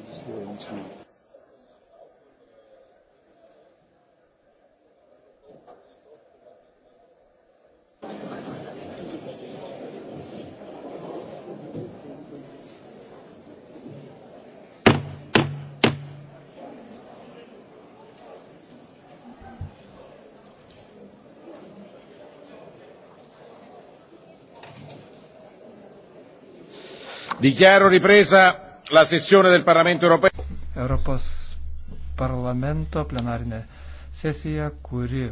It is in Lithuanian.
to display on screen. dichiaro ripresa La sesione del Parlamento europeo. Europos parlamento plenarinė sesija, kuri